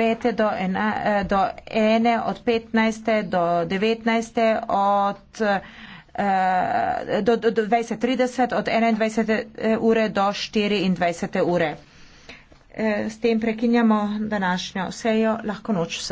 9. Do, ena, eh, do 1. od 15. do 19. od eh, do, do, do 20.30 od 21. Eh, ure do 24. ure. S tem prekinjamo današnjo sejo. Lahko noč vse.